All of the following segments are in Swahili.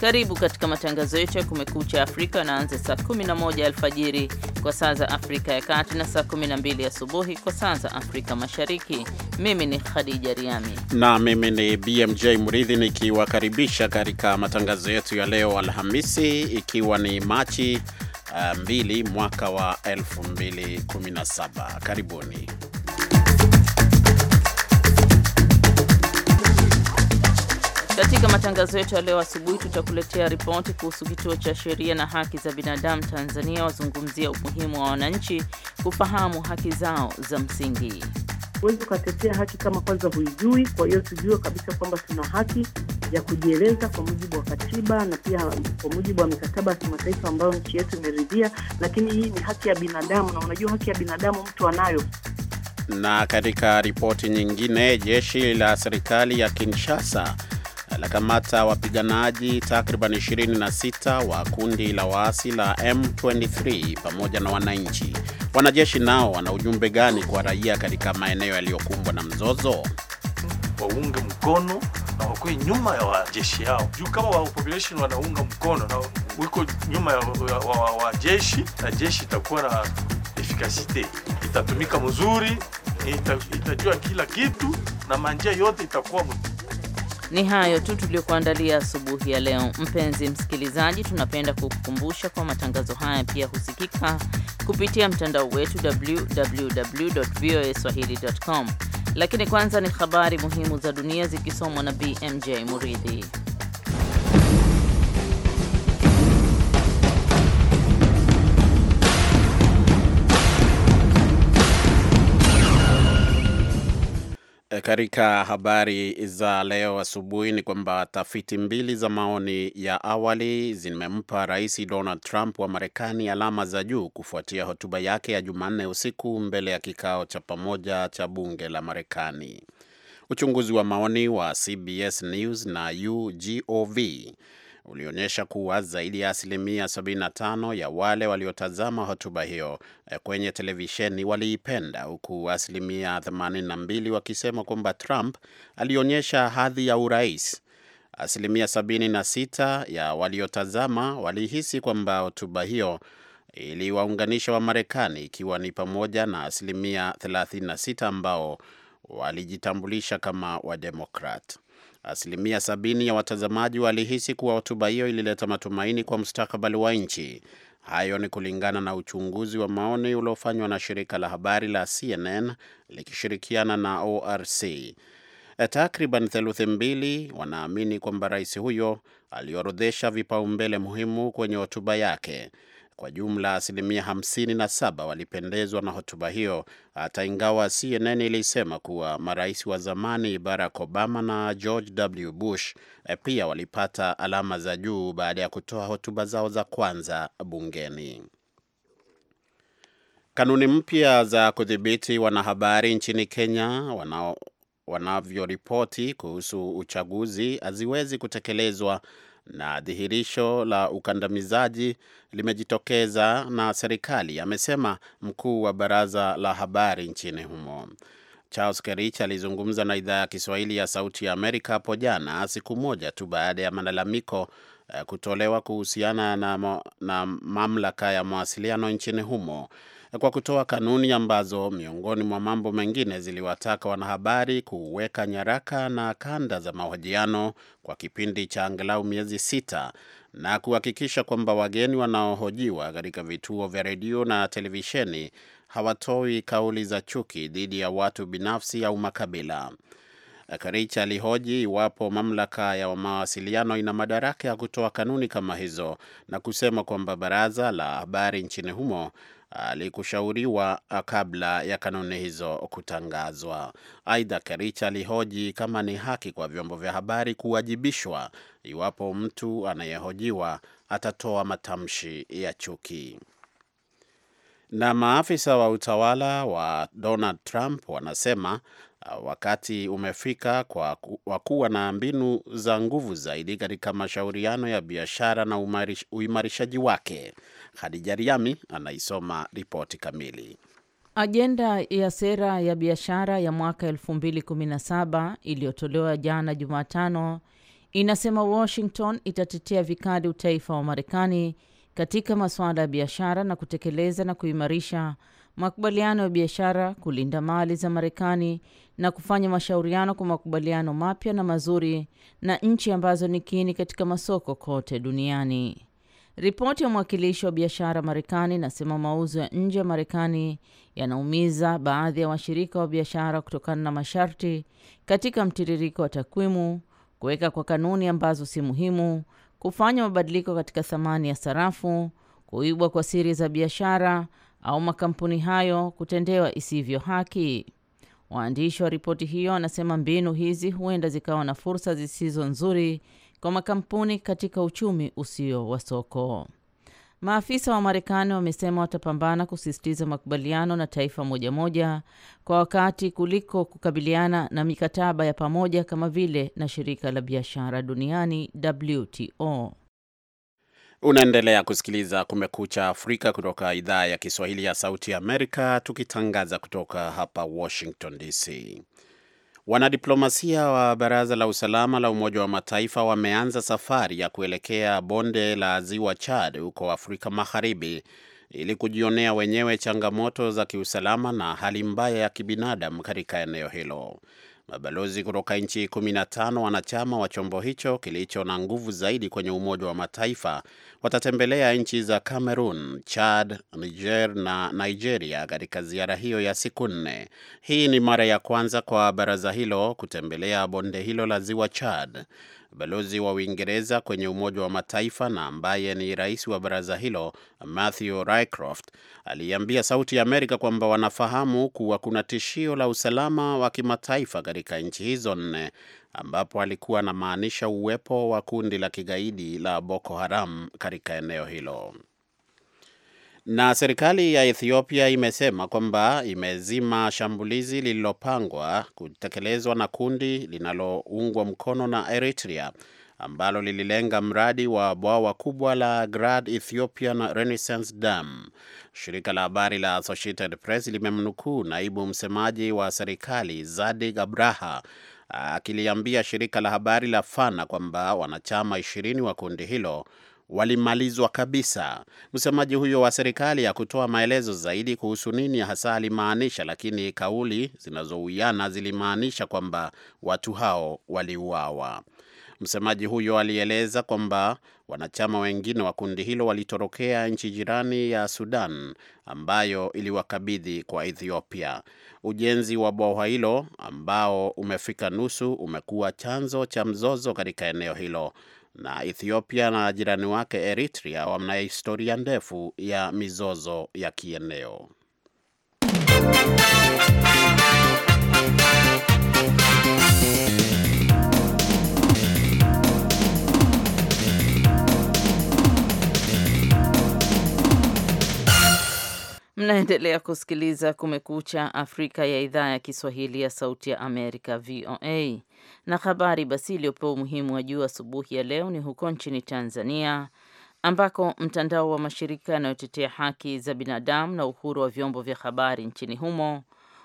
Karibu katika matangazo yetu ya kumekucha Afrika anaanza saa 11 alfajiri kwa saa za Afrika ya Kati na saa 12 asubuhi kwa saa za Afrika Mashariki. Mimi ni Khadija Riami na mimi ni BMJ Mridhi, nikiwakaribisha katika matangazo yetu ya leo Alhamisi, ikiwa ni Machi 2 uh, eh, mwaka wa 2017. Karibuni. Katika matangazo yetu ya leo asubuhi, tutakuletea ripoti kuhusu kituo cha sheria na haki za binadamu Tanzania wazungumzia umuhimu wa wananchi kufahamu haki zao za msingi. Huwezi ukatetea haki kama kwanza huijui. Kwa hiyo tujue kabisa kwamba tuna haki ya kujieleza kwa mujibu wa katiba na pia kwa mujibu wa mikataba ya kimataifa ambayo nchi yetu imeridhia, lakini hii ni haki ya binadamu, na unajua haki ya binadamu mtu anayo. Na katika ripoti nyingine, jeshi la serikali ya Kinshasa lakamata wapiganaji takriban 26 wa kundi la waasi la M23 pamoja na wananchi. Wanajeshi nao wana ujumbe gani kwa raia katika maeneo yaliyokumbwa na mzozo? Waunge mkono na wakwe nyuma ya wajeshi yao, juu kama wa population wanaunga mkono na wiko nyuma ya wajeshi na jeshi itakuwa na efikasite, itatumika mzuri, itajua kila kitu na manjia yote itakuwa mzuri. Ni hayo tu tuliokuandalia asubuhi ya leo. Mpenzi msikilizaji, tunapenda kukukumbusha kwa matangazo haya pia husikika kupitia mtandao wetu www voa swahilicom Lakini kwanza ni habari muhimu za dunia zikisomwa na BMJ Muridhi. Katika habari za leo asubuhi ni kwamba tafiti mbili za maoni ya awali zimempa Rais Donald Trump wa Marekani alama za juu kufuatia hotuba yake ya Jumanne usiku mbele ya kikao cha pamoja cha bunge la Marekani. Uchunguzi wa maoni wa CBS News na ugov ulionyesha kuwa zaidi ya asilimia 75 ya wale waliotazama hotuba hiyo eh, kwenye televisheni waliipenda, huku asilimia 82 wakisema kwamba Trump alionyesha hadhi ya urais. Asilimia 76 ya waliotazama walihisi kwamba hotuba hiyo iliwaunganisha Wamarekani, ikiwa ni pamoja na asilimia 36 ambao walijitambulisha kama Wademokrat asilimia sabini ya watazamaji walihisi kuwa hotuba hiyo ilileta matumaini kwa mustakabali wa nchi. Hayo ni kulingana na uchunguzi wa maoni uliofanywa na shirika la habari la CNN likishirikiana na ORC. E, takriban theluthi mbili wanaamini kwamba rais huyo aliorodhesha vipaumbele muhimu kwenye hotuba yake. Kwa jumla asilimia 57 walipendezwa na hotuba hiyo, hata ingawa CNN ilisema kuwa marais wa zamani Barack Obama na George W. Bush eh, pia walipata alama za juu baada ya kutoa hotuba zao za kwanza bungeni. Kanuni mpya za kudhibiti wanahabari nchini Kenya wanao wanavyoripoti kuhusu uchaguzi haziwezi kutekelezwa na dhihirisho la ukandamizaji limejitokeza na serikali, amesema mkuu wa baraza la habari nchini humo. Charles Kerich alizungumza na idhaa ya Kiswahili ya Sauti ya Amerika hapo jana, siku moja tu baada ya malalamiko eh, kutolewa kuhusiana na, na mamlaka ya mawasiliano nchini humo kwa kutoa kanuni ambazo miongoni mwa mambo mengine ziliwataka wanahabari kuweka nyaraka na kanda za mahojiano kwa kipindi cha angalau miezi sita na kuhakikisha kwamba wageni wanaohojiwa katika vituo vya redio na televisheni hawatoi kauli za chuki dhidi ya watu binafsi au makabila. Karich alihoji iwapo mamlaka ya mawasiliano ina madaraka ya kutoa kanuni kama hizo na kusema kwamba baraza la habari nchini humo alikushauriwa uh, kabla ya kanuni hizo kutangazwa. Aidha, Kerich alihoji kama ni haki kwa vyombo vya habari kuwajibishwa iwapo mtu anayehojiwa atatoa matamshi ya chuki. Na maafisa wa utawala wa Donald Trump wanasema uh, wakati umefika kwa kuwa na mbinu za nguvu zaidi katika mashauriano ya biashara na uimarishaji wake. Hadija Riami anaisoma ripoti kamili. Ajenda ya sera ya biashara ya mwaka 2017 iliyotolewa jana Jumatano inasema Washington itatetea vikali utaifa wa Marekani katika masuala ya biashara na kutekeleza na kuimarisha makubaliano ya biashara, kulinda mali za Marekani na kufanya mashauriano kwa makubaliano mapya na mazuri na nchi ambazo ni kiini katika masoko kote duniani. Ripoti ya mwakilishi wa biashara Marekani inasema mauzo ya nje ya Marekani yanaumiza baadhi ya washirika wa biashara kutokana na masharti katika mtiririko wa takwimu, kuweka kwa kanuni ambazo si muhimu, kufanya mabadiliko katika thamani ya sarafu, kuibwa kwa siri za biashara au makampuni hayo kutendewa isivyo haki. Waandishi wa ripoti hiyo wanasema mbinu hizi huenda zikawa na fursa zisizo nzuri kwa makampuni katika uchumi usio wa soko. Maafisa wa Marekani wamesema watapambana kusisitiza makubaliano na taifa moja moja kwa wakati kuliko kukabiliana na mikataba ya pamoja kama vile na shirika la biashara duniani WTO. Unaendelea kusikiliza Kumekucha Afrika kutoka idhaa ya Kiswahili ya Sauti ya Amerika, tukitangaza kutoka hapa Washington DC. Wanadiplomasia wa Baraza la Usalama la Umoja wa Mataifa wameanza safari ya kuelekea bonde la Ziwa Chad huko Afrika Magharibi ili kujionea wenyewe changamoto za kiusalama na hali mbaya ya kibinadamu katika eneo hilo. Mabalozi kutoka nchi 15 wanachama wa chombo hicho kilicho na nguvu zaidi kwenye Umoja wa Mataifa watatembelea nchi za Cameroon, Chad, Niger na Nigeria katika ziara hiyo ya siku nne. Hii ni mara ya kwanza kwa baraza hilo kutembelea bonde hilo la Ziwa Chad. Balozi wa Uingereza kwenye Umoja wa Mataifa na ambaye ni rais wa baraza hilo Matthew Rycroft aliambia Sauti ya Amerika kwamba wanafahamu kuwa kuna tishio la usalama wa kimataifa katika nchi hizo nne, ambapo alikuwa anamaanisha uwepo wa kundi la kigaidi la Boko Haram katika eneo hilo. Na serikali ya Ethiopia imesema kwamba imezima shambulizi lililopangwa kutekelezwa na kundi linaloungwa mkono na Eritrea ambalo lililenga mradi wa bwawa kubwa la Grand Ethiopian Renaissance Dam. Shirika la habari la Associated Press limemnukuu naibu msemaji wa serikali Zadig Abraha akiliambia shirika la habari la Fana kwamba wanachama ishirini wa kundi hilo walimalizwa kabisa. Msemaji huyo wa serikali hakutoa maelezo zaidi kuhusu nini hasa alimaanisha, lakini kauli zinazouiana zilimaanisha kwamba watu hao waliuawa. Msemaji huyo alieleza kwamba wanachama wengine wa kundi hilo walitorokea nchi jirani ya Sudan ambayo iliwakabidhi kwa Ethiopia. Ujenzi wa bwawa hilo ambao umefika nusu umekuwa chanzo cha mzozo katika eneo hilo na Ethiopia na jirani wake Eritrea wana historia ndefu ya mizozo ya kieneo. Mnaendelea kusikiliza Kumekucha Afrika ya idhaa ya Kiswahili ya Sauti ya Amerika, VOA. Na habari basi iliyopewa umuhimu wa juu asubuhi ya leo ni huko nchini Tanzania ambako mtandao wa mashirika yanayotetea haki za binadamu na uhuru wa vyombo vya habari nchini humo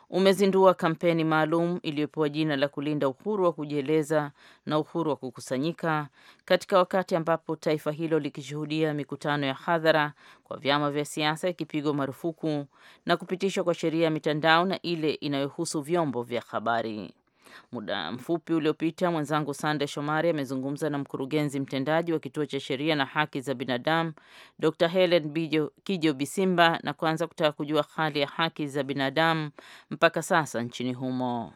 umezindua kampeni maalum iliyopewa jina la kulinda uhuru wa kujieleza na uhuru wa kukusanyika katika wakati ambapo taifa hilo likishuhudia mikutano ya hadhara kwa vyama vya siasa ikipigwa marufuku na kupitishwa kwa sheria ya mitandao na ile inayohusu vyombo vya habari. Muda mfupi uliopita, mwenzangu Sande Shomari amezungumza na mkurugenzi mtendaji wa kituo cha sheria na haki za binadamu Dr. Helen Bijo, Kijo Bisimba na kuanza kutaka kujua hali ya haki za binadamu mpaka sasa nchini humo.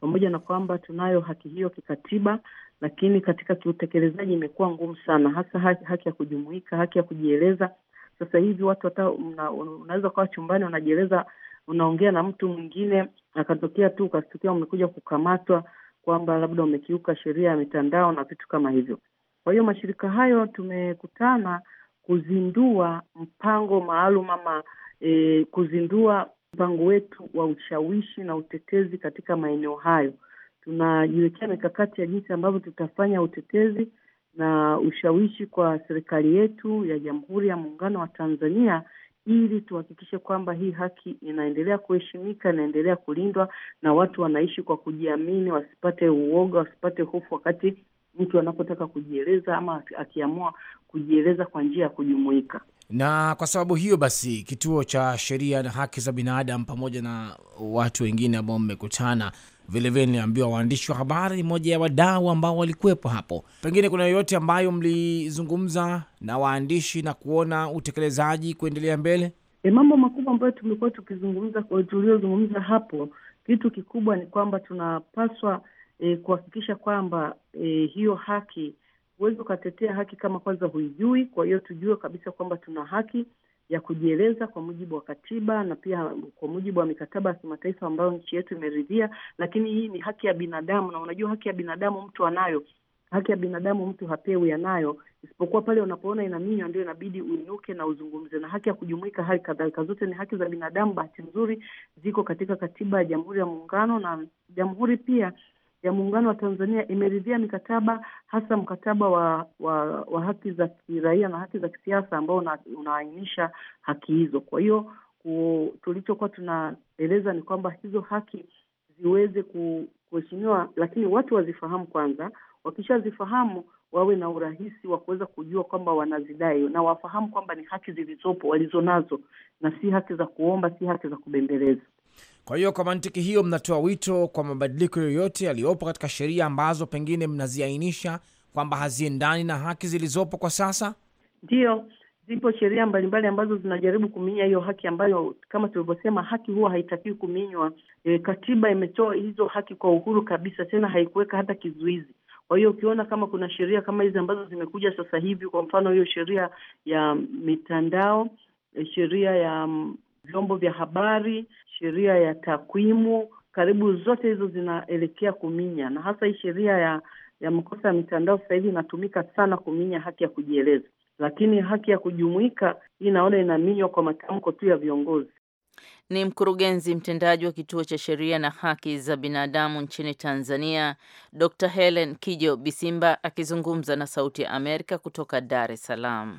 Pamoja na kwamba tunayo haki hiyo kikatiba, lakini katika kiutekelezaji imekuwa ngumu sana, hasa haki, haki ya kujumuika, haki ya kujieleza. Sasa hivi watu hata unaweza ukawa chumbani wanajieleza unaongea na mtu mwingine akatokea tu ukashtukia umekuja kukamatwa kwamba labda umekiuka sheria ya mitandao na vitu kama hivyo. Kwa hiyo mashirika hayo tumekutana kuzindua mpango maalum ama e, kuzindua mpango wetu wa ushawishi na utetezi katika maeneo hayo. Tunajiwekea mikakati ya jinsi ambavyo tutafanya utetezi na ushawishi kwa serikali yetu ya Jamhuri ya Muungano wa Tanzania ili tuhakikishe kwamba hii haki inaendelea kuheshimika, inaendelea kulindwa na watu wanaishi kwa kujiamini, wasipate uoga, wasipate hofu wakati mtu anapotaka kujieleza ama akiamua kujieleza kwa njia ya kujumuika. Na kwa sababu hiyo basi, kituo cha sheria na haki za binadamu pamoja na watu wengine ambao mmekutana Vilevile niliambiwa waandishi wa habari, moja ya wadau ambao walikuwepo hapo. Pengine kuna yoyote ambayo mlizungumza na waandishi na kuona utekelezaji kuendelea mbele? E, mambo makubwa ambayo tumekuwa tukizungumza, tuliozungumza hapo, kitu kikubwa ni kwamba tunapaswa e, kuhakikisha kwamba e, hiyo haki, huwezi ukatetea haki kama kwanza huijui. Kwa hiyo tujue kabisa kwamba tuna haki ya kujieleza kwa mujibu wa katiba na pia kwa mujibu wa mikataba ya kimataifa ambayo nchi yetu imeridhia. Lakini hii ni haki ya binadamu, na unajua haki ya binadamu mtu anayo haki ya binadamu mtu hapewi, anayo, isipokuwa pale unapoona inaminywa, ndio inabidi uinuke na uzungumze. Na haki ya kujumuika, hali kadhalika, zote ni haki za binadamu. Bahati nzuri ziko katika katiba ya Jamhuri ya Muungano, na jamhuri pia ya Muungano wa Tanzania imeridhia mikataba hasa mkataba wa, wa, wa haki za kiraia na haki za kisiasa ambao unaainisha haki hizo. Kwa hiyo tulichokuwa tunaeleza ni kwamba hizo haki ziweze kuheshimiwa, lakini watu wazifahamu kwanza. Wakishazifahamu wawe na urahisi wa kuweza kujua kwamba wanazidai, na wafahamu kwamba ni haki zilizopo walizonazo, na si haki za kuomba, si haki za kubembeleza. Kwa hiyo kwa mantiki hiyo, mnatoa wito kwa mabadiliko yoyote yaliyopo katika sheria ambazo pengine mnaziainisha kwamba haziendani na haki zilizopo kwa sasa? Ndiyo, zipo sheria mbalimbali ambazo zinajaribu kuminya hiyo haki ambayo kama tulivyosema, haki huwa haitakiwi kuminywa. E, katiba imetoa hizo haki kwa uhuru kabisa, tena haikuweka hata kizuizi. Kwa hiyo ukiona kama kuna sheria kama hizi ambazo zimekuja sasa hivi, kwa mfano hiyo sheria ya mitandao, e, sheria ya mm, vyombo vya habari sheria ya takwimu, karibu zote hizo zinaelekea kuminya, na hasa hii sheria ya ya makosa ya mitandao sasa hivi inatumika sana kuminya haki ya kujieleza, lakini haki ya kujumuika hii naona inaminywa kwa matamko tu ya viongozi. Ni mkurugenzi mtendaji wa kituo cha sheria na haki za binadamu nchini Tanzania, Dr. Helen Kijo Bisimba akizungumza na Sauti ya Amerika kutoka Dar es Salaam.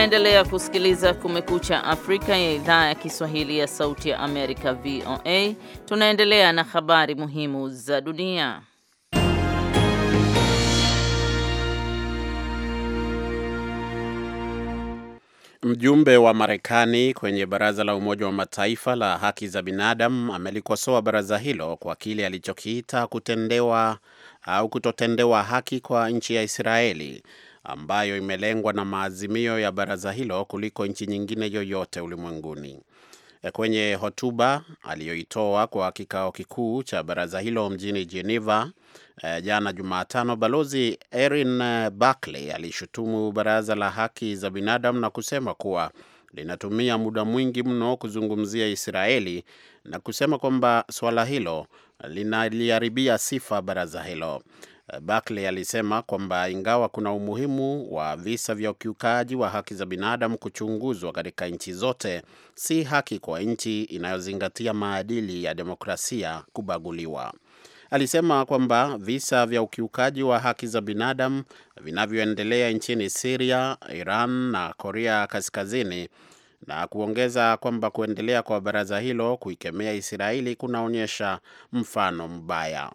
Unaendelea kusikiliza Kumekucha Afrika ya idhaa ya Kiswahili ya Sauti ya Amerika, VOA. Tunaendelea na habari muhimu za dunia. Mjumbe wa Marekani kwenye Baraza la Umoja wa Mataifa la Haki za Binadamu amelikosoa baraza hilo kwa kile alichokiita kutendewa au kutotendewa haki kwa nchi ya Israeli ambayo imelengwa na maazimio ya baraza hilo kuliko nchi nyingine yoyote ulimwenguni. E, kwenye hotuba aliyoitoa kwa kikao kikuu cha baraza hilo mjini Geneva e, jana Jumatano, Balozi Erin Barkley alishutumu baraza la haki za binadamu na kusema kuwa linatumia muda mwingi mno kuzungumzia Israeli na kusema kwamba suala hilo linaliharibia sifa baraza hilo. Barkley alisema kwamba ingawa kuna umuhimu wa visa vya ukiukaji wa haki za binadamu kuchunguzwa katika nchi zote, si haki kwa nchi inayozingatia maadili ya demokrasia kubaguliwa. Alisema kwamba visa vya ukiukaji wa haki za binadamu vinavyoendelea nchini Siria, Iran na Korea Kaskazini na kuongeza kwamba kuendelea kwa baraza hilo kuikemea Israeli kunaonyesha mfano mbaya.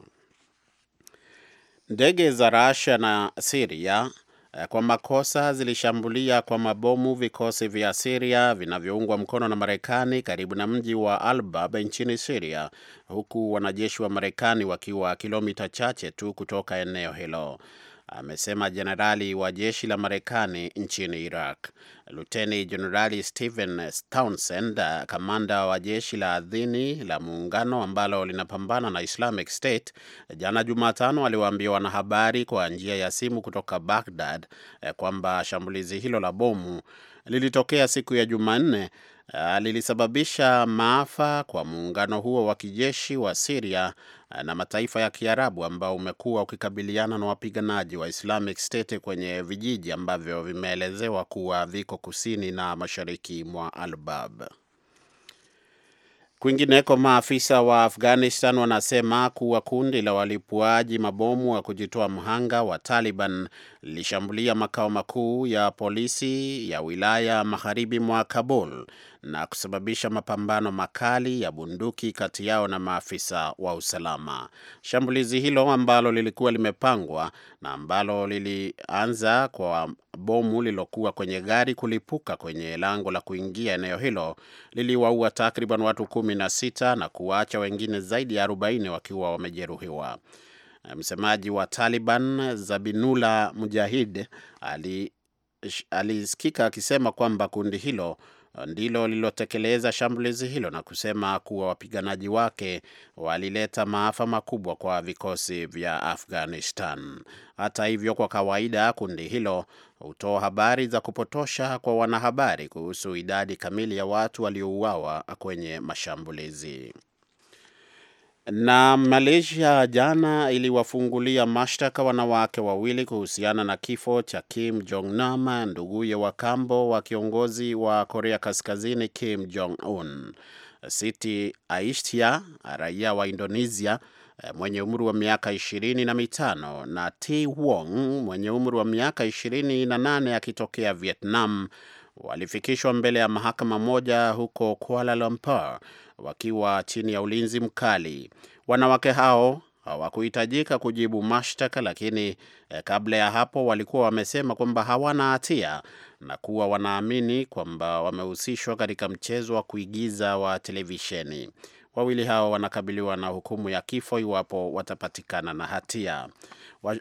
Ndege za Russia na Siria eh, kwa makosa zilishambulia kwa mabomu vikosi vya Siria vinavyoungwa mkono na Marekani karibu na mji wa Albab nchini Siria, huku wanajeshi wa Marekani wakiwa kilomita chache tu kutoka eneo hilo amesema jenerali wa jeshi la Marekani nchini Iraq. Luteni Jenerali Stephen Townsend, kamanda wa jeshi la ardhini la muungano ambalo linapambana na Islamic State, jana Jumatano aliwaambia wanahabari kwa njia ya simu kutoka Baghdad eh, kwamba shambulizi hilo la bomu lilitokea siku ya Jumanne eh, lilisababisha maafa kwa muungano huo wa kijeshi wa Siria na mataifa ya Kiarabu ambao umekuwa ukikabiliana na wapiganaji wa Islamic State kwenye vijiji ambavyo vimeelezewa kuwa viko kusini na mashariki mwa albab Kwingineko, maafisa wa Afghanistan wanasema kuwa kundi la walipuaji mabomu wa kujitoa mhanga wa Taliban lilishambulia makao makuu ya polisi ya wilaya magharibi mwa Kabul na kusababisha mapambano makali ya bunduki kati yao na maafisa wa usalama. Shambulizi hilo ambalo lilikuwa limepangwa na ambalo lilianza kwa bomu lililokuwa kwenye gari kulipuka kwenye lango la kuingia eneo hilo liliwaua takriban watu kumi na sita na kuwaacha wengine zaidi ya arobaini wakiwa wamejeruhiwa. Msemaji wa Taliban Zabinullah Mujahid ali alisikika akisema kwamba kundi hilo ndilo lililotekeleza shambulizi hilo na kusema kuwa wapiganaji wake walileta maafa makubwa kwa vikosi vya Afghanistan. Hata hivyo, kwa kawaida kundi hilo hutoa habari za kupotosha kwa wanahabari kuhusu idadi kamili ya watu waliouawa kwenye mashambulizi. Na Malaysia jana iliwafungulia mashtaka wanawake wawili kuhusiana na kifo cha Kim Jong Nam, nduguye wa kambo wa kiongozi wa Korea Kaskazini Kim Jong Un. Siti aishtia raia wa Indonesia mwenye umri wa miaka ishirini na mitano na T Wong mwenye umri wa miaka ishirini na nane akitokea Vietnam walifikishwa mbele ya mahakama moja huko Kuala Lumpur wakiwa chini ya ulinzi mkali. Wanawake hao hawakuhitajika kujibu mashtaka, lakini eh, kabla ya hapo walikuwa wamesema kwamba hawana hatia na kuwa wanaamini kwamba wamehusishwa katika mchezo wa kuigiza wa televisheni. Wawili hao wanakabiliwa na hukumu ya kifo iwapo watapatikana na hatia.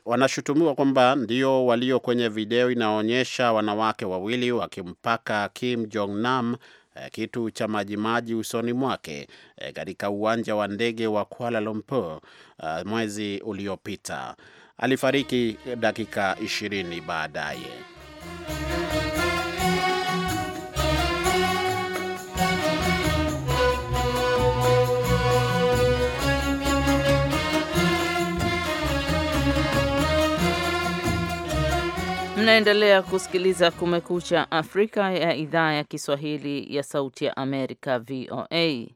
Wanashutumiwa kwamba ndio walio kwenye video inaonyesha wanawake wawili wakimpaka Kim Jong Nam eh, kitu cha majimaji usoni mwake eh, katika uwanja wa ndege wa Kuala Lumpur eh, mwezi uliopita. Alifariki dakika 20 baadaye. Mnaendelea kusikiliza Kumekucha Afrika ya idhaa ya Kiswahili ya Sauti ya Amerika, VOA.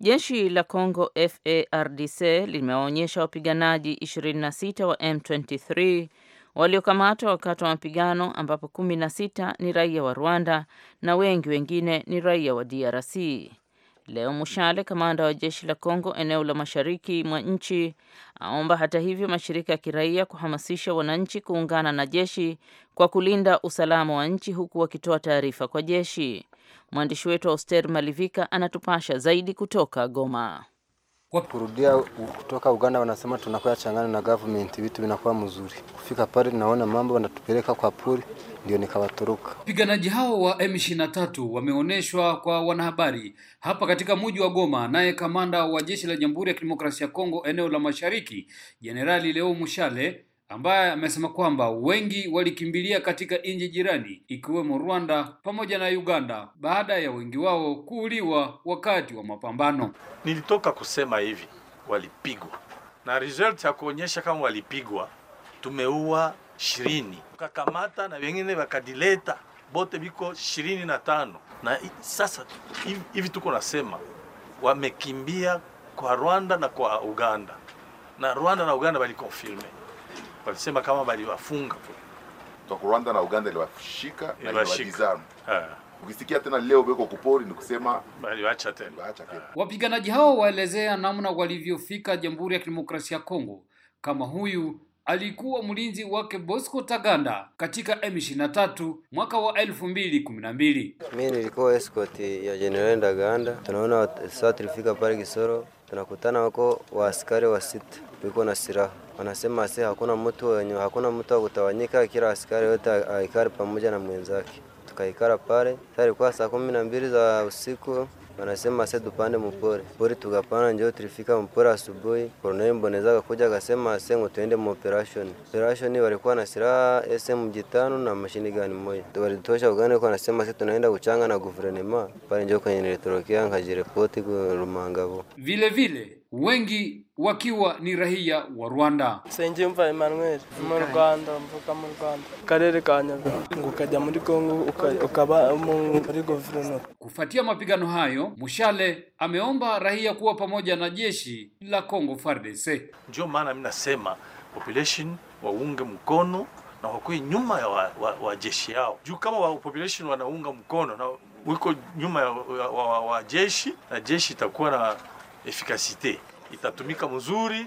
Jeshi la Congo FARDC limewaonyesha wapiganaji 26 wa M23 waliokamatwa wakati wa mapigano ambapo 16 ni raia wa Rwanda na wengi wengine ni raia wa DRC. Leo Mushale, kamanda wa jeshi la Kongo eneo la mashariki mwa nchi, aomba hata hivyo mashirika ya kiraia kuhamasisha wananchi kuungana na jeshi kwa kulinda usalama wa nchi, huku wakitoa taarifa kwa jeshi. Mwandishi wetu Auster Malivika anatupasha zaidi kutoka Goma kurudia kutoka Uganda wanasema tunakuwa changana na government, vitu vinakuwa mzuri. Kufika pale naona mambo wanatupeleka kwa pori, ndio nikawatoroka. Wapiganaji hao wa M23 wameonyeshwa kwa wanahabari hapa katika mji wa Goma. Naye kamanda wa jeshi la Jamhuri ya Kidemokrasia ya Kongo eneo la Mashariki, Jenerali Leo Mushale ambaye amesema kwamba wengi walikimbilia katika nchi jirani ikiwemo Rwanda pamoja na Uganda baada ya wengi wao kuuliwa wakati wa mapambano. Nilitoka kusema hivi, walipigwa na result ya kuonyesha kama walipigwa, tumeua ishirini tukakamata na wengine wakadileta bote biko ishirini na tano na sasa hivi tuko nasema wamekimbia kwa Rwanda na kwa Uganda na Rwanda na Uganda walikofilme walisema kama baliwafunga toka Rwanda na Uganda iliwashika na iliwadizarm. Ukisikia tena leo beko kupori ni kusema baliwaacha tena. Baliwaacha tena. Wapiganaji hao waelezea namna walivyofika Jamhuri ya Kidemokrasia ya Kongo, kama huyu alikuwa mlinzi wake Bosco Taganda katika M23 mwaka wa 2012. Mimi nilikuwa escort ya General Taganda. Tunaona sasa tulifika pale Kisoro tunakutana huko waaskari wa sita wiko na silaha wanasema se hakuna mtu wenye hakuna mtu akutawanyika, kila askari yote aikare pamoja na mwenzake. Tukaikara pale, ilikuwa saa kumi na mbili za usiku wanasema se dupande mpore pori, tukapana njoo tulifika mpore asubuhi. Korneli Mboneza akakuja akasema se tuende mu operation. Operation walikuwa na silaha SM5 na mashini gani moja, walitosha Uganda kwa nasema se tunaenda kuchanga na guvernema pale, njoo kwenye nilitorokea nkajirepoti ku vile vile wengi wakiwa ni raia wa Rwanda. Sengimva Emmanuel mu Rwanda mvuka mu Rwanda karere ka Nyabihanga ukajya muri Kongo ukaba muri governor. Kufuatia mapigano hayo, Mushale ameomba raia kuwa pamoja na jeshi la Kongo FARDC. Ndio maana mimi nasema population waunge mkono na wakuwe nyuma ya wa, wa, wa jeshi yao, juu kama wa population wanaunga mkono na wiko nyuma ya wa, wa, wa, wa jeshi na jeshi itakuwa na efikasit itatumika mzuri,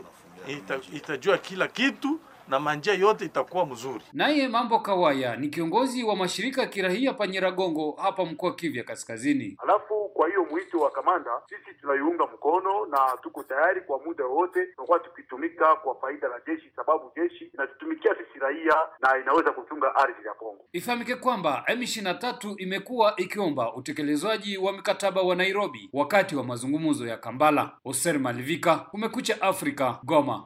itajua kila kitu na manjia yote itakuwa mzuri. Naye Mambo Kawaya ni kiongozi wa mashirika ya kirahia Panyiragongo hapa mkoa Kivya Kaskazini. Alafu kwa hiyo mwito wa kamanda, sisi tunaiunga mkono na tuko tayari kwa muda wote, tunakuwa tukitumika kwa faida la jeshi, sababu jeshi inatutumikia sisi raia na inaweza kuchunga ardhi ya Kongo. Ifahamike kwamba M23 imekuwa ikiomba utekelezwaji wa mkataba wa Nairobi wakati wa mazungumzo ya Kampala. Oser Malivika, Kumekucha Afrika, Goma.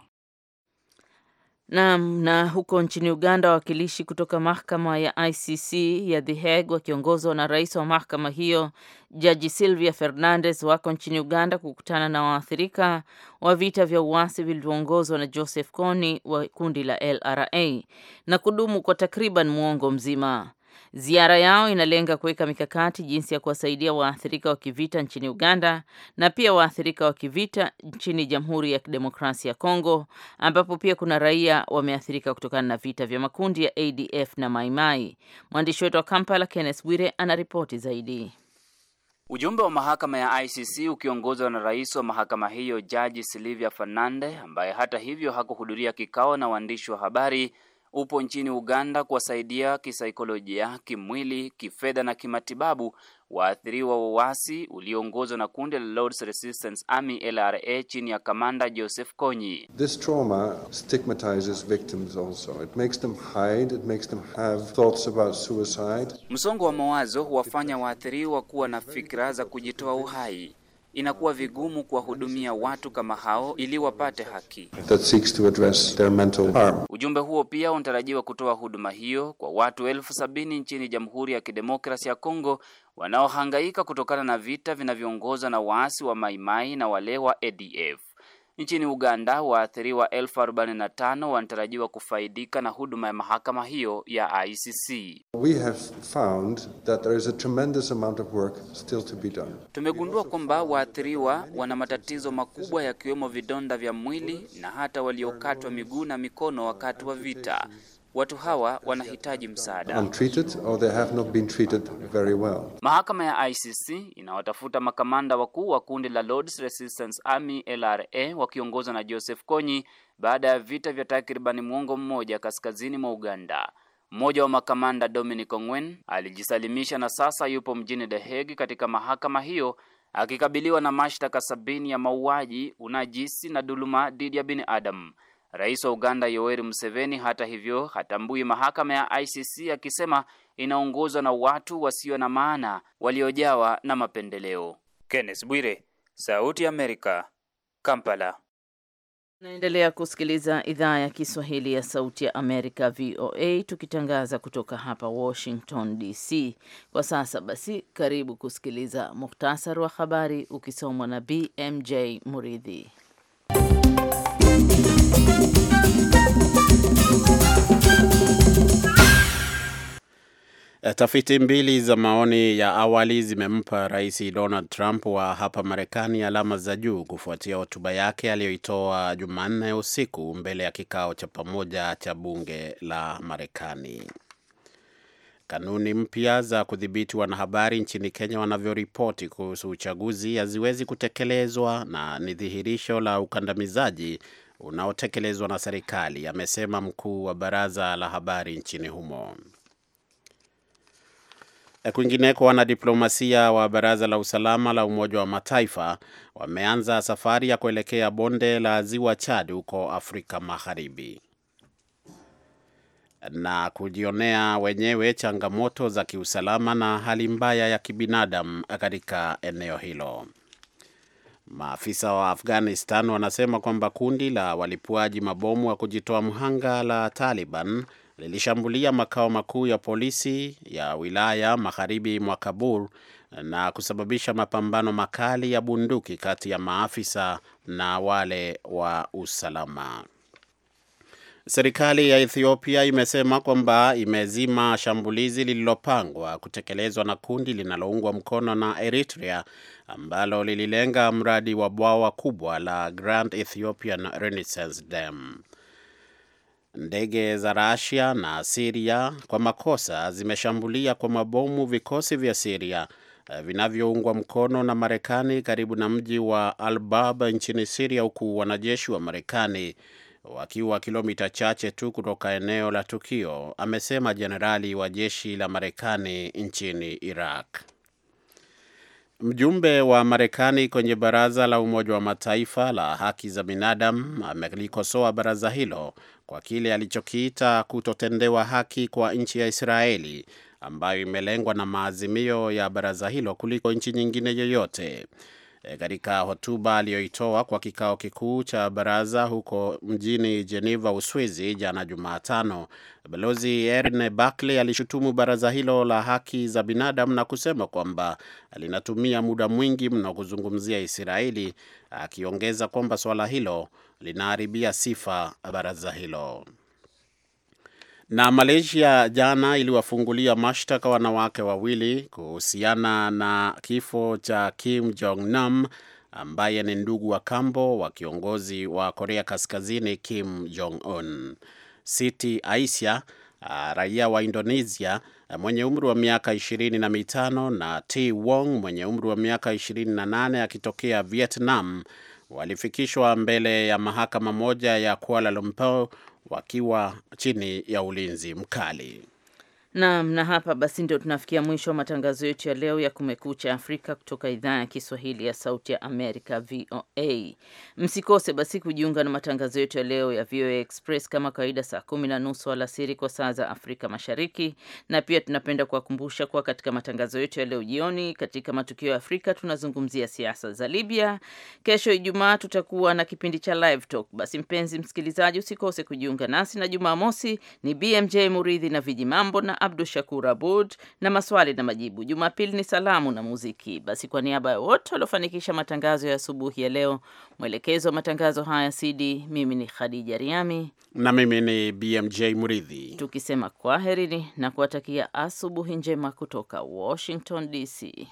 Naam. Na huko nchini Uganda, wawakilishi kutoka mahakama ya ICC ya The Hague wakiongozwa na rais wa mahakama hiyo Jaji Silvia Fernandez wako nchini Uganda kukutana na waathirika wa vita vya uasi vilivyoongozwa na Joseph Kony wa kundi la LRA na kudumu kwa takriban muongo mzima. Ziara yao inalenga kuweka mikakati jinsi ya kuwasaidia waathirika wa kivita nchini Uganda na pia waathirika wa kivita nchini Jamhuri ya Kidemokrasia ya Kongo ambapo pia kuna raia wameathirika kutokana na vita vya makundi ya ADF na Maimai. Mwandishi wetu wa Kampala Kenneth Bwire ripoti zaidi. Ujumbe wa mahakama ya ICC ukiongozwa na rais wa mahakama hiyo Jaji Silvia Fernande ambaye hata hivyo hakuhudhuria kikao na waandishi wa habari upo nchini Uganda kuwasaidia kisaikolojia, kimwili, kifedha na kimatibabu waathiriwa wa uasi ulioongozwa na kundi la Lords Resistance Army LRA chini ya kamanda Joseph Kony. This trauma stigmatizes victims also. It makes them hide, it makes them have thoughts about suicide. Msongo wa mawazo huwafanya waathiriwa kuwa na fikra za kujitoa uhai inakuwa vigumu kuwahudumia watu kama hao ili wapate haki. Ujumbe huo pia unatarajiwa kutoa huduma hiyo kwa watu elfu sabini nchini Jamhuri ya Kidemokrasia ya Kongo wanaohangaika kutokana na vita vinavyoongozwa na waasi wa Maimai na wale wa ADF. Nchini Uganda, waathiriwa 45 wanatarajiwa kufaidika na huduma ya mahakama hiyo ya ICC. We have found that there is a tremendous amount of work still to be done. Tumegundua kwamba waathiriwa wana matatizo makubwa yakiwemo vidonda vya mwili na hata waliokatwa miguu na mikono wakati wa vita. Watu hawa wanahitaji msaada. Well. Mahakama ya ICC inawatafuta makamanda wakuu wa kundi la Lords Resistance Army LRA wakiongozwa na Joseph Kony baada ya vita vya takribani mwongo mmoja kaskazini mwa Uganda. Mmoja wa makamanda Dominic Ongwen alijisalimisha na sasa yupo mjini The Hague katika mahakama hiyo akikabiliwa na mashtaka sabini ya mauaji, unajisi na dhuluma dhidi ya binadamu. Rais wa Uganda Yoweri Museveni hata hivyo hatambui mahakama ya ICC akisema inaongozwa na watu wasio na maana waliojawa na mapendeleo. Kenneth Bwire, Sauti ya Amerika, Kampala. Naendelea kusikiliza idhaa ya Kiswahili ya Sauti ya Amerika, VOA, tukitangaza kutoka hapa Washington DC. Kwa sasa basi, karibu kusikiliza muhtasari wa habari ukisomwa na BMJ Muridhi. Eh, tafiti mbili za maoni ya awali zimempa Rais Donald Trump wa hapa Marekani alama za juu kufuatia hotuba yake aliyoitoa Jumanne usiku mbele ya kikao cha pamoja cha bunge la Marekani. Kanuni mpya za kudhibiti wanahabari nchini Kenya wanavyoripoti kuhusu uchaguzi haziwezi kutekelezwa na ni dhihirisho la ukandamizaji unaotekelezwa na serikali, amesema mkuu wa baraza la habari nchini humo. Kwingineko, wanadiplomasia wa Baraza la Usalama la Umoja wa Mataifa wameanza safari ya kuelekea bonde la Ziwa Chad huko Afrika Magharibi na kujionea wenyewe changamoto za kiusalama na hali mbaya ya kibinadamu katika eneo hilo. Maafisa wa Afghanistan wanasema kwamba kundi la walipuaji mabomu wa kujitoa mhanga la Taliban lilishambulia makao makuu ya polisi ya wilaya magharibi mwa Kabul na kusababisha mapambano makali ya bunduki kati ya maafisa na wale wa usalama. Serikali ya Ethiopia imesema kwamba imezima shambulizi lililopangwa kutekelezwa na kundi linaloungwa mkono na Eritrea ambalo lililenga mradi wa bwawa kubwa la Grand Ethiopian Renaissance Dam. Ndege za Rasia na Siria kwa makosa zimeshambulia kwa mabomu vikosi vya Siria eh, vinavyoungwa mkono na Marekani karibu na mji wa Albab nchini Siria, huku wanajeshi wa Marekani wakiwa kilomita chache tu kutoka eneo la tukio, amesema jenerali wa jeshi la Marekani nchini Iraq. Mjumbe wa Marekani kwenye Baraza la Umoja wa Mataifa la Haki za Binadamu amelikosoa baraza hilo kwa kile alichokiita kutotendewa haki kwa nchi ya Israeli ambayo imelengwa na maazimio ya baraza hilo kuliko nchi nyingine yoyote. E, katika hotuba aliyoitoa kwa kikao kikuu cha baraza huko mjini Geneva, Uswizi jana Jumatano, Balozi Erin Barkley alishutumu baraza hilo la haki za binadamu na kusema kwamba linatumia muda mwingi mno kuzungumzia Israeli, akiongeza kwamba swala hilo linaharibia sifa baraza hilo. Na Malaysia jana iliwafungulia mashtaka wanawake wawili kuhusiana na kifo cha Kim Jong Nam ambaye ni ndugu wa kambo wa kiongozi wa Korea Kaskazini Kim Jong Un. Siti Aisha ah, raia wa Indonesia ah, mwenye umri wa miaka ishirini na mitano na T Wong mwenye umri wa miaka ishirini na nane akitokea Vietnam walifikishwa mbele ya mahakama moja ya Kuala Lumpur wakiwa chini ya ulinzi mkali. Naam, na hapa basi ndio tunafikia mwisho wa matangazo yetu ya leo ya Kumekucha Afrika kutoka idhaa ya Kiswahili ya Sauti ya Amerika, VOA. Msikose basi kujiunga na matangazo yetu ya leo ya VOA Express kama kawaida, saa kumi na nusu alasiri kwa saa za Afrika Mashariki. Na pia tunapenda kuwakumbusha kuwa katika matangazo yetu ya leo jioni, katika matukio ya Afrika tunazungumzia siasa za Libya. Kesho Ijumaa tutakuwa na kipindi cha Live Talk. Basi mpenzi msikilizaji, usikose kujiunga nasi, na Jumamosi ni BMJ Muridhi na Vijimambo na Abdu Shakur Abud na maswali na majibu. Jumapili ni salamu na muziki. Basi kwa niaba ya wote waliofanikisha matangazo ya asubuhi ya leo, mwelekezo wa matangazo haya Sidi, mimi ni Khadija Riami na mimi ni BMJ Muridhi, tukisema kwaherini na kuwatakia asubuhi njema kutoka Washington DC.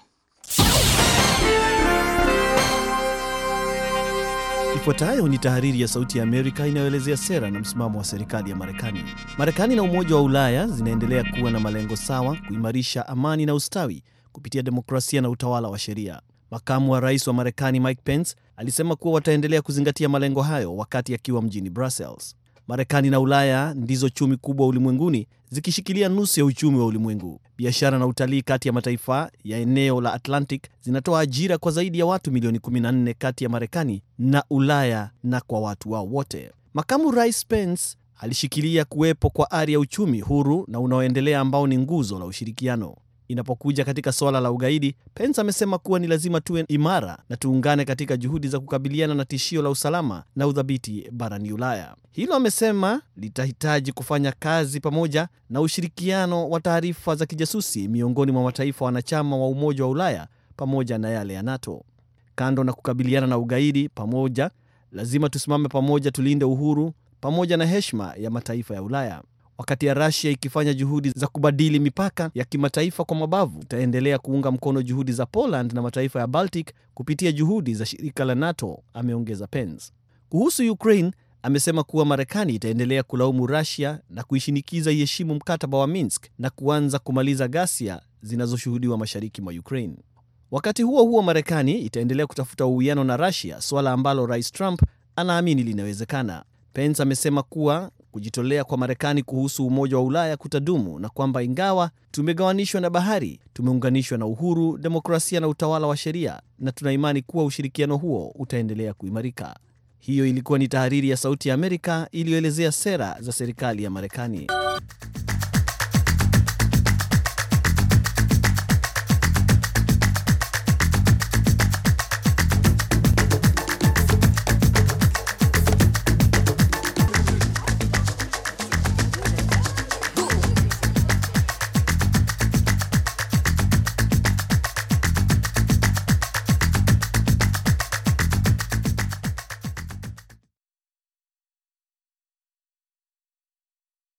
Ifuatayo ni tahariri ya Sauti ya Amerika inayoelezea sera na msimamo wa serikali ya Marekani. Marekani na Umoja wa Ulaya zinaendelea kuwa na malengo sawa: kuimarisha amani na ustawi kupitia demokrasia na utawala wa sheria. Makamu wa rais wa Marekani Mike Pence alisema kuwa wataendelea kuzingatia malengo hayo wakati akiwa mjini Brussels. Marekani na Ulaya ndizo chumi kubwa ulimwenguni zikishikilia nusu ya uchumi wa ulimwengu. Biashara na utalii kati ya mataifa ya eneo la Atlantic zinatoa ajira kwa zaidi ya watu milioni 14 kati ya Marekani na Ulaya na kwa watu wao wote. Makamu Rais Pence alishikilia kuwepo kwa ari ya uchumi huru na unaoendelea ambao ni nguzo la ushirikiano. Inapokuja katika suala la ugaidi, Pence amesema kuwa ni lazima tuwe imara na tuungane katika juhudi za kukabiliana na tishio la usalama na udhabiti barani Ulaya. Hilo amesema litahitaji kufanya kazi pamoja na ushirikiano wa taarifa za kijasusi miongoni mwa mataifa wanachama wa Umoja wa Ulaya pamoja na yale ya NATO. Kando na kukabiliana na ugaidi pamoja, lazima tusimame pamoja, tulinde uhuru pamoja na heshima ya mataifa ya Ulaya wakati ya Russia ikifanya juhudi za kubadili mipaka ya kimataifa kwa mabavu. Itaendelea kuunga mkono juhudi za Poland na mataifa ya Baltic kupitia juhudi za shirika la NATO, ameongeza Pence. Kuhusu Ukraine, amesema kuwa Marekani itaendelea kulaumu Russia na kuishinikiza iheshimu mkataba wa Minsk na kuanza kumaliza ghasia zinazoshuhudiwa mashariki mwa Ukraine. Wakati huo huo, Marekani itaendelea kutafuta uwiano na Russia, suala ambalo Rais Trump anaamini linawezekana. Pence amesema kuwa kujitolea kwa Marekani kuhusu Umoja wa Ulaya kutadumu na kwamba ingawa tumegawanishwa na bahari, tumeunganishwa na uhuru, demokrasia na utawala wa sheria, na tuna imani kuwa ushirikiano huo utaendelea kuimarika. Hiyo ilikuwa ni tahariri ya Sauti ya Amerika iliyoelezea sera za serikali ya Marekani.